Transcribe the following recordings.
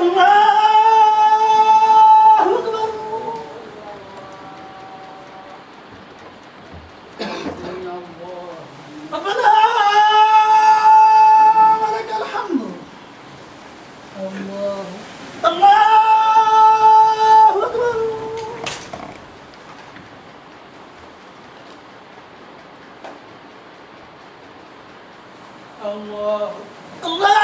الله أكبر الله الله أكبر الله الله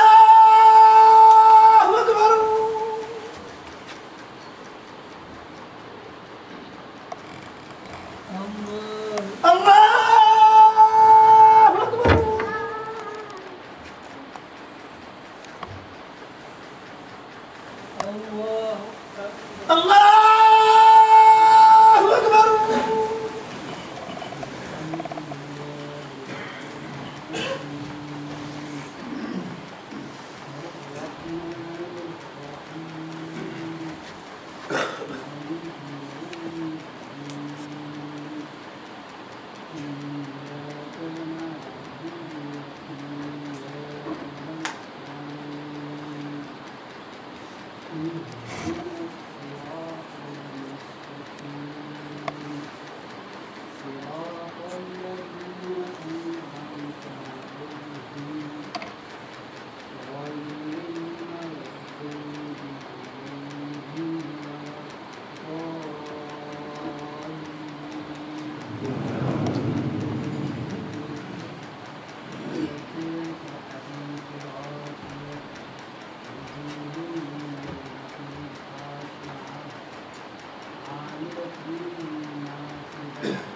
Thank you.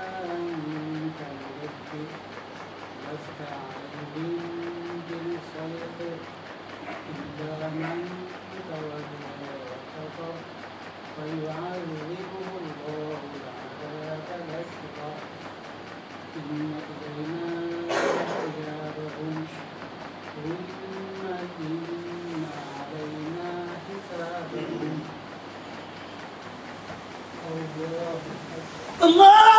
واستعين إلا من تولى فيعذبه الله العذاب إن إلينا علينا حسابهم الله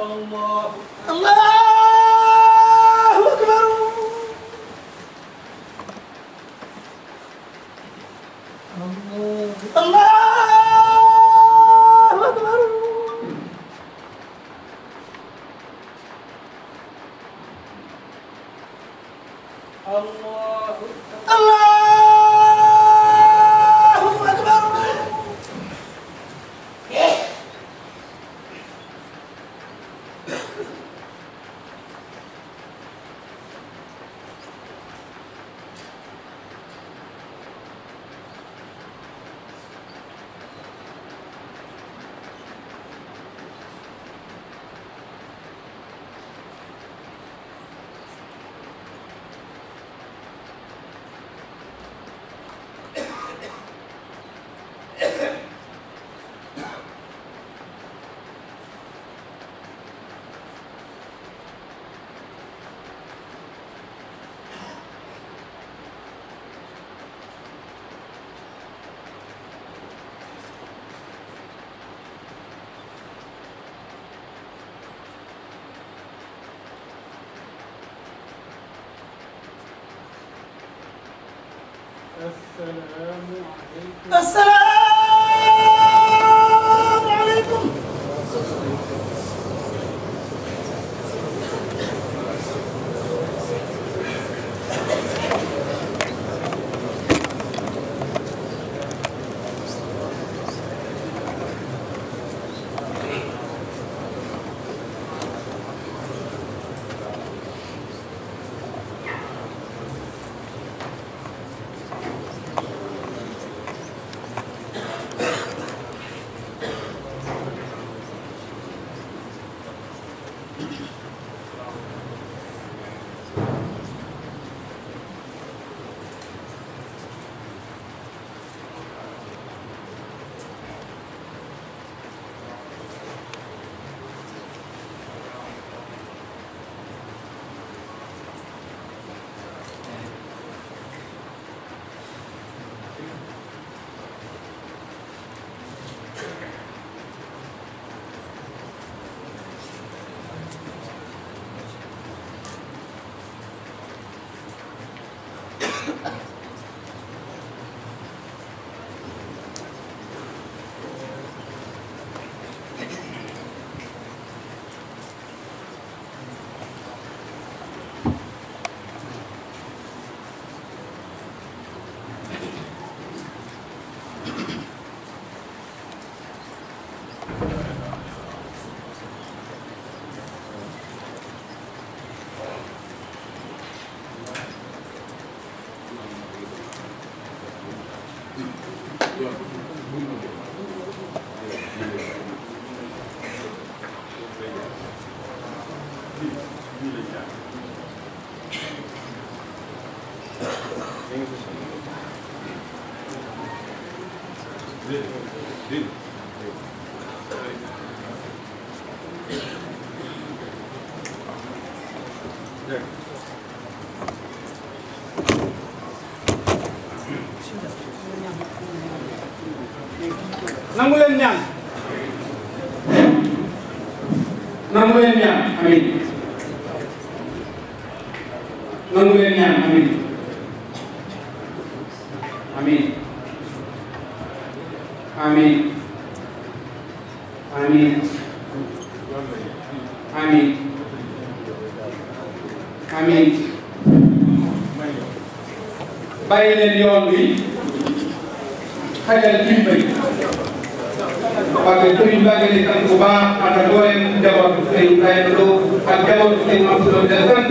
الله الله السلام عليكم السلام Yeah. nangu leen ñaan nangu leen ñaan amin nangu leen ñaan amin amin amin amin amin amin bàyyi leen yoon wi xajal kilifa yi parce que commune Mbacké di sant bu baax ànd ak mboolem njabootu Sëriñ Ibrahima Lo ak njabootu Sëriñ Mansour Lo di la sant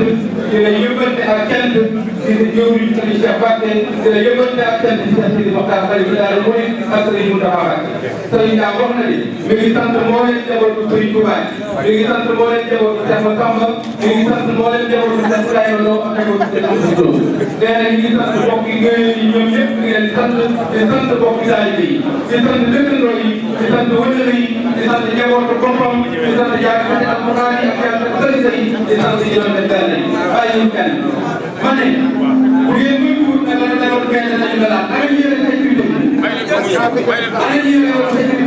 di la yëbbante ak cant di la jëwriñ Sëriñ Cheikh Mbacké di la yëbbante ak cant di la Sëriñ Mokhtar Khalifa Daara Mouride ak Sëriñ Mountakha Mbacké Sëriñ daa wax na ni mi ngi sant mboolem njabootu Sëriñ Touba ñu ngi sant mboolem njabootu Seex Masamba ñu ngi sant mboolem njabootu Seex Ibrahima Lo ak njabootu Seex Abdou Lo nee na ñu ngi sant mbokk yi ngëyeen yi ñoom ñëpp di leen sant di sant mbokk taalibe yi di sant dëkkandoo yi di sant wëllëre yi di sant njabootu boppam di sant jaakati alxuraan yi ak yàlla sëriñ yi di sant si ñoom dañ daan bàyyi ñu kenn ma ne bu ngeen muy wut nag la demoon benn nañu la laaj naka ñu yore sécurité naka ñu yore sécurité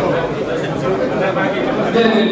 全然